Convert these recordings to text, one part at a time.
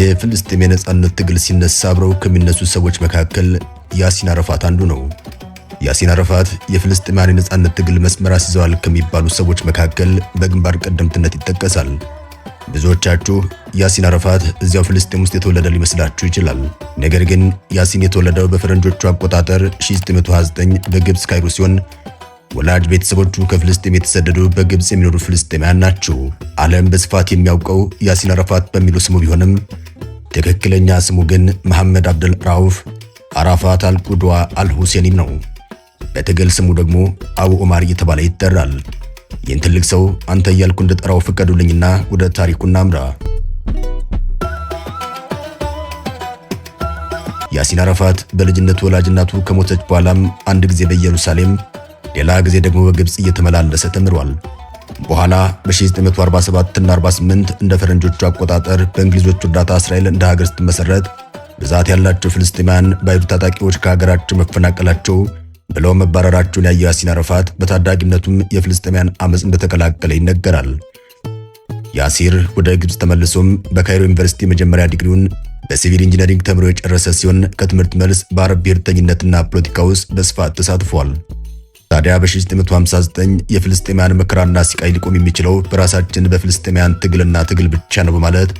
የፍልስጤም የነጻነት ትግል ሲነሳ አብረው ከሚነሱ ሰዎች መካከል ያሲን አረፋት አንዱ ነው። ያሲን አረፋት የፍልስጤማውያን የነጻነት ትግል መስመር አስይዘዋል ከሚባሉ ሰዎች መካከል በግንባር ቀደምትነት ይጠቀሳል። ብዙዎቻችሁ ያሲን አረፋት እዚያው ፍልስጤም ውስጥ የተወለደ ሊመስላችሁ ይችላል። ነገር ግን ያሲን የተወለደው በፈረንጆቹ አቆጣጠር 1929 በግብፅ ካይሮ ሲሆን ወላጅ ቤተሰቦቹ ከፍልስጤም የተሰደዱ በግብፅ የሚኖሩ ፍልስጤማያን ናቸው። ዓለም በስፋት የሚያውቀው ያሲን አረፋት በሚለው ስሙ ቢሆንም ትክክለኛ ስሙ ግን መሐመድ አብደል ራውፍ አራፋት አልቁድዋ አልሁሴኒም ነው። በትግል ስሙ ደግሞ አቡ ዑማር እየተባለ ይጠራል። ይህን ትልቅ ሰው አንተ እያልኩ እንድጠራው ፍቀዱልኝና ወደ ታሪኩ እናምራ። ያሲን አራፋት በልጅነቱ ወላጅ እናቱ ከሞተች በኋላም አንድ ጊዜ በኢየሩሳሌም ሌላ ጊዜ ደግሞ በግብፅ እየተመላለሰ ተምሯል። በኋላ በ1947ና 48 እንደ ፈረንጆቹ አቆጣጠር በእንግሊዞች እርዳታ እስራኤል እንደ ሀገር ስትመሰረት ብዛት ያላቸው ፍልስጤማያን በአይሁድ ታጣቂዎች ከሀገራቸው መፈናቀላቸው ብለው መባረራቸውን ያየው ያሲን አረፋት በታዳጊነቱም የፍልስጤማያን አመፅ እንደተቀላቀለ ይነገራል። ያሲር ወደ ግብፅ ተመልሶም በካይሮ ዩኒቨርሲቲ መጀመሪያ ዲግሪውን በሲቪል ኢንጂነሪንግ ተምሮ የጨረሰ ሲሆን ከትምህርት መልስ በአረብ ብሔርተኝነትና ፖለቲካ ውስጥ በስፋት ተሳትፏል። ታዲያ በ1959 የፍልስጤማያን መከራና ስቃይ ሊቆም የሚችለው በራሳችን በፍልስጤማያን ትግልና ትግል ብቻ ነው በማለት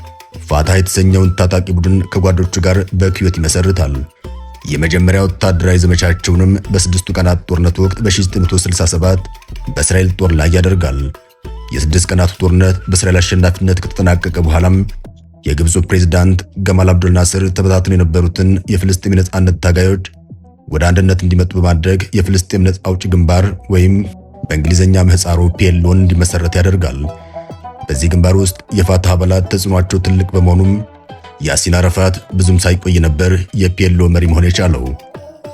ፋታ የተሰኘውን ታጣቂ ቡድን ከጓዶቹ ጋር በኩዌት ይመሰርታል። የመጀመሪያ ወታደራዊ ዘመቻቸውንም በስድስቱ ቀናት ጦርነት ወቅት በ1967 በእስራኤል ጦር ላይ ያደርጋል። የስድስት ቀናቱ ጦርነት በእስራኤል አሸናፊነት ከተጠናቀቀ በኋላም የግብፁ ፕሬዝዳንት ገማል አብዱል ናስር ተበታትነው የነበሩትን የፍልስጤም ነፃነት ታጋዮች ወደ አንድነት እንዲመጡ በማድረግ የፍልስጤም ነጻ አውጪ ግንባር ወይም በእንግሊዝኛ ምህፃሩ ፔሎን እንዲመሰረት ያደርጋል። በዚህ ግንባር ውስጥ የፋታህ አባላት ተጽዕኗቸው ትልቅ በመሆኑም ያሲን አረፋት ብዙም ሳይቆይ ነበር የፔሎ መሪ መሆን የቻለው።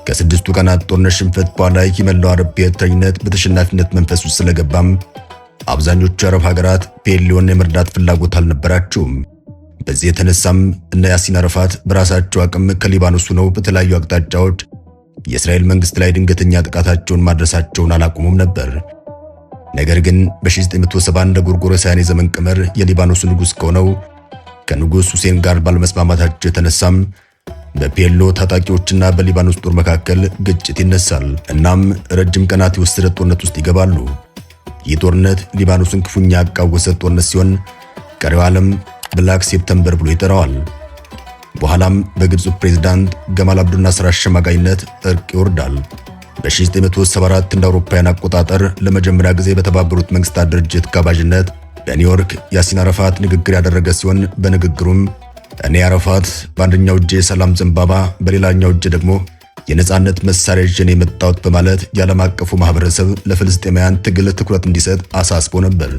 ከስድስቱ ቀናት ጦርነት ሽንፈት በኋላ የመላው አረብ ብሔርተኝነት በተሸናፊነት መንፈስ ውስጥ ስለገባም አብዛኞቹ የአረብ ሀገራት ፔሎን የመርዳት ፍላጎት አልነበራቸውም። በዚህ የተነሳም እነ ያሲን አረፋት በራሳቸው አቅም ከሊባኖስ ሆነው በተለያዩ አቅጣጫዎች የእስራኤል መንግስት ላይ ድንገተኛ ጥቃታቸውን ማድረሳቸውን አላቆሙም ነበር። ነገር ግን በ1971 እንደ ጎርጎሮሳውያን የዘመን ቀመር የሊባኖስ ንጉስ ከሆነው ከንጉሥ ሁሴን ጋር ባለመስማማታቸው የተነሳም በፔሎ ታጣቂዎችና በሊባኖስ ጦር መካከል ግጭት ይነሳል። እናም ረጅም ቀናት የወሰደ ጦርነት ውስጥ ይገባሉ። ይህ ጦርነት ሊባኖስን ክፉኛ ያቃወሰ ጦርነት ሲሆን ቀሪው ዓለም ብላክ ሴፕተምበር ብሎ ይጠራዋል። በኋላም በግብፁ ፕሬዝዳንት ገማል አብዱል ናስር አሸማጋይነት እርቅ ይወርዳል። በ1974 እንደ አውሮፓውያን አቆጣጠር ለመጀመሪያ ጊዜ በተባበሩት መንግስታት ድርጅት ጋባዥነት በኒውዮርክ ያሲን አረፋት ንግግር ያደረገ ሲሆን በንግግሩም እኔ አረፋት በአንደኛው እጄ የሰላም ዘንባባ በሌላኛው እጄ ደግሞ የነጻነት መሳሪያ ይዤን የመጣሁት በማለት የዓለም አቀፉ ማህበረሰብ ለፍልስጤማውያን ትግል ትኩረት እንዲሰጥ አሳስቦ ነበር።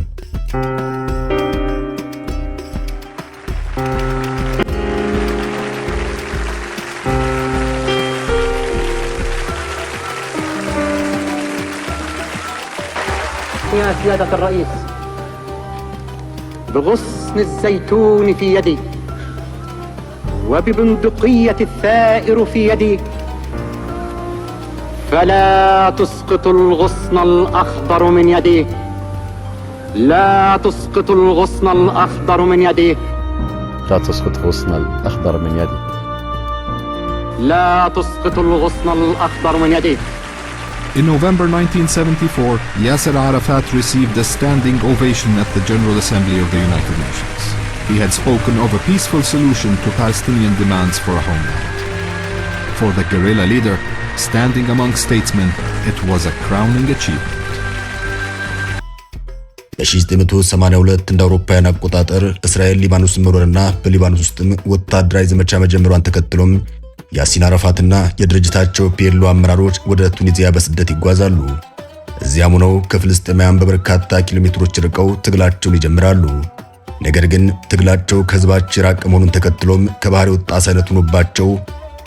يا سيادة الرئيس بغصن الزيتون في يدي وببندقية الثائر في يدي فلا تسقط الغصن الأخضر من يدي لا تسقط الغصن الأخضر من يدي لا تسقط الغصن الأخضر من يدي لا تسقط الغصن الأخضر من يدي In November 1974, Yasser Arafat received a standing ovation at the General Assembly of the United Nations. He had spoken of a peaceful solution to Palestinian demands for a homeland. For the guerrilla leader, standing among statesmen, it was a crowning achievement. በ1982 እንደ አውሮፓውያን አቆጣጠር እስራኤል ሊባኖስ መውረርና በሊባኖስ ውስጥም ወታደራዊ ዘመቻ መጀመሯን ተከትሎም ያሲን አረፋትና የድርጅታቸው ፔሎ አመራሮች ወደ ቱኒዚያ በስደት ይጓዛሉ። እዚያም ሆነው ከፍልስጤማውያን በበርካታ ኪሎ ሜትሮች ርቀው ትግላቸውን ይጀምራሉ። ነገር ግን ትግላቸው ከህዝባቸው የራቀ መሆኑን ተከትሎም ከባህር የወጣ ሳይነት ሆኖባቸው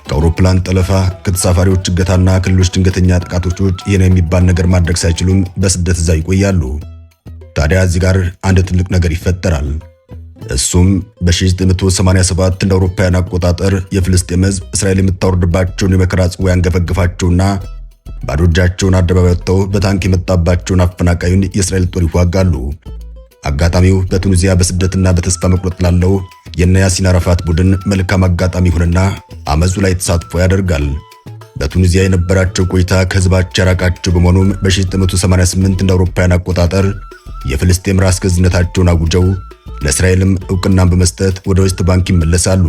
ከአውሮፕላን ጠለፋ፣ ከተሳፋሪዎች እገታና ከሌሎች ድንገተኛ ጥቃቶች ውጭ ይህ የሚባል ነገር ማድረግ ሳይችሉም በስደት እዛ ይቆያሉ። ታዲያ እዚህ ጋር አንድ ትልቅ ነገር ይፈጠራል። እሱም በ1987 እንደ አውሮፓውያን አቆጣጠር የፍልስጤም ህዝብ እስራኤል የምታወርድባቸውን የመከራ ጽዋ ያንገፈግፋቸውና ባዶ እጃቸውን አደባባይ ወጥተው በታንክ የመጣባቸውን አፈናቃዩን የእስራኤል ጦር ይዋጋሉ። አጋጣሚው በቱኒዚያ በስደትና በተስፋ መቁረጥ ላለው የነ ያሲር አረፋት ቡድን መልካም አጋጣሚ ይሁንና አመፁ ላይ ተሳትፎ ያደርጋል። በቱኒዚያ የነበራቸው ቆይታ ከህዝባቸው ያራቃቸው በመሆኑም በ1988 እንደ አውሮፓውያን አቆጣጠር የፍልስጤም ራስ ገዝነታቸውን አጉጀው ለእስራኤልም እውቅናን በመስጠት ወደ ዌስት ባንክ ይመለሳሉ።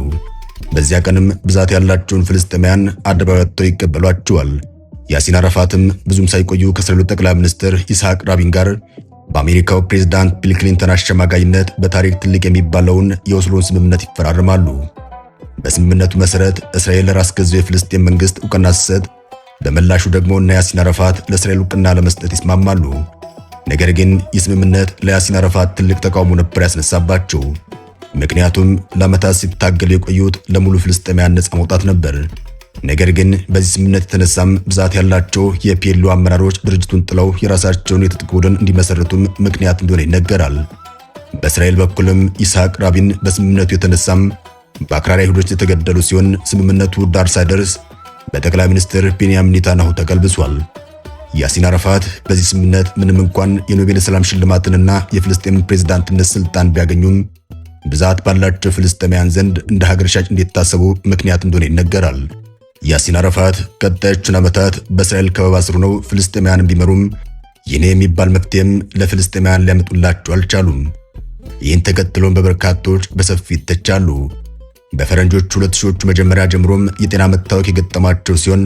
በዚያ ቀንም ብዛት ያላቸውን ፍልስጤማያን አደባባይ ወጥተው ይቀበሏቸዋል። ያሲን አረፋትም ብዙም ሳይቆዩ ከእስራኤሉ ጠቅላይ ሚኒስትር ይስሐቅ ራቢን ጋር በአሜሪካው ፕሬዝዳንት ቢል ክሊንተን አሸማጋይነት በታሪክ ትልቅ የሚባለውን የኦስሎን ስምምነት ይፈራርማሉ። በስምምነቱ መሠረት እስራኤል ለራስ ገዛው የፍልስጤም መንግሥት እውቅና ስትሰጥ፣ በምላሹ ደግሞ እና ያሲን አረፋት ለእስራኤል እውቅና ለመስጠት ይስማማሉ። ነገር ግን የስምምነት ለያሲን አረፋት ትልቅ ተቃውሞ ነበር ያስነሳባቸው። ምክንያቱም ለዓመታት ሲታገሉ የቆዩት ለሙሉ ፍልስጤማውያን ነጻ መውጣት ነበር። ነገር ግን በዚህ ስምምነት የተነሳም ብዛት ያላቸው የፒኤልኦ አመራሮች ድርጅቱን ጥለው የራሳቸውን የትጥቅ ቡድን እንዲመሰርቱም ምክንያት እንደሆነ ይነገራል። በእስራኤል በኩልም ይስሐቅ ራቢን በስምምነቱ የተነሳም በአክራሪ አይሁዶች የተገደሉ ሲሆን ስምምነቱ ዳር ሳይደርስ በጠቅላይ ሚኒስትር ቤንያሚን ኔታንያሁ ተቀልብሷል። ያሲን አረፋት በዚህ ስምምነት ምንም እንኳን የኖቤል ሰላም ሽልማትንና የፍልስጤም ፕሬዝዳንትነት ስልጣን ቢያገኙም ብዛት ባላቸው ፍልስጤማውያን ዘንድ እንደ ሀገር ሻጭ እንደታሰቡ ምክንያት እንደሆነ ይነገራል። ያሲን አረፋት ቀጣዮቹን ዓመታት በእስራኤል ከበባ ስር ሆነው ፍልስጤማውያን ቢመሩም ይህኔ የሚባል መፍትሄም ለፍልስጤማውያን ሊያመጡላቸው አልቻሉም። ይህን ተከትሎም በበርካቶች በሰፊ ይተቻሉ። በፈረንጆቹ ሁለት ሺዎቹ መጀመሪያ ጀምሮም የጤና መታወክ የገጠማቸው ሲሆን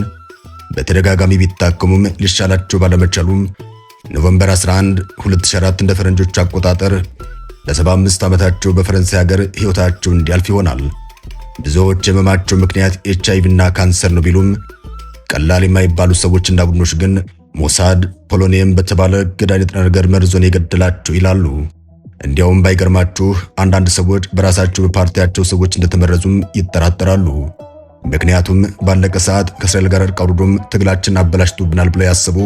በተደጋጋሚ ቢታከሙም ሊሻላቸው ባለመቻሉም ኖቨምበር 11 2004 እንደ ፈረንጆች አቆጣጠር ለ75 ዓመታቸው በፈረንሳይ ሀገር ሕይወታቸው እንዲያልፍ ይሆናል። ብዙዎች የህመማቸው ምክንያት ኤች አይቪ እና ካንሰር ነው ቢሉም ቀላል የማይባሉ ሰዎችና ቡድኖች ግን ሞሳድ ፖሎኒየም በተባለ ገዳይ ንጥረ ነገር መርዞን የገደላቸው ይላሉ። እንዲያውም ባይገርማችሁ አንዳንድ ሰዎች በራሳቸው በፓርቲያቸው ሰዎች እንደተመረዙም ይጠራጠራሉ። ምክንያቱም ባለቀ ሰዓት ከእስራኤል ጋር ቀርዶም ትግላችን አበላሽቶብናል ብለው ያሰቡ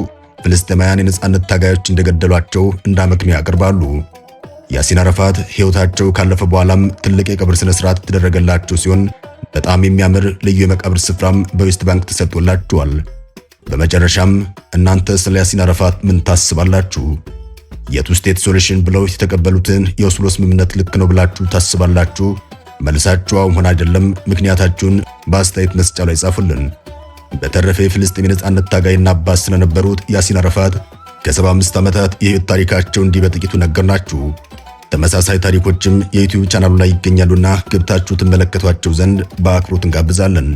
ፍልስጤማውያን የነጻነት ታጋዮች እንደገደሏቸው እንዳመክንዮ ያቀርባሉ። ያሲን አረፋት ሕይወታቸው ካለፈ በኋላም ትልቅ የቀብር ሥነ ሥርዓት የተደረገላቸው ሲሆን በጣም የሚያምር ልዩ የመቃብር ስፍራም በዌስት ባንክ ተሰጥቶላቸዋል። በመጨረሻም እናንተ ስለ ያሲን አረፋት ምን ታስባላችሁ? የቱ ስቴት ሶሉሽን ብለው የተቀበሉትን የኦስሎ ስምምነት ልክ ነው ብላችሁ ታስባላችሁ? መልሳችሁ አሁን አይደለም፣ ምክንያታችሁን በአስተያየት መስጫ ላይ ጻፉልን። በተረፈ የፍልስጤም የነጻነት ታጋይና አባት ስለነበሩት ያሲር አረፋት ከ75 ዓመታት የህይወት ታሪካቸው እንዲህ በጥቂቱ ነገርናችሁ። ተመሳሳይ ታሪኮችም የዩቲዩብ ቻናሉ ላይ ይገኛሉና ገብታችሁ ትመለከቷቸው ዘንድ በአክብሮት እንጋብዛለን።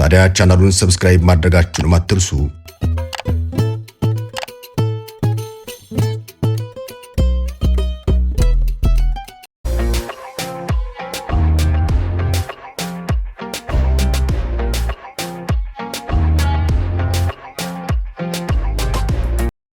ታዲያ ቻናሉን ሰብስክራይብ ማድረጋችሁንም አትርሱ።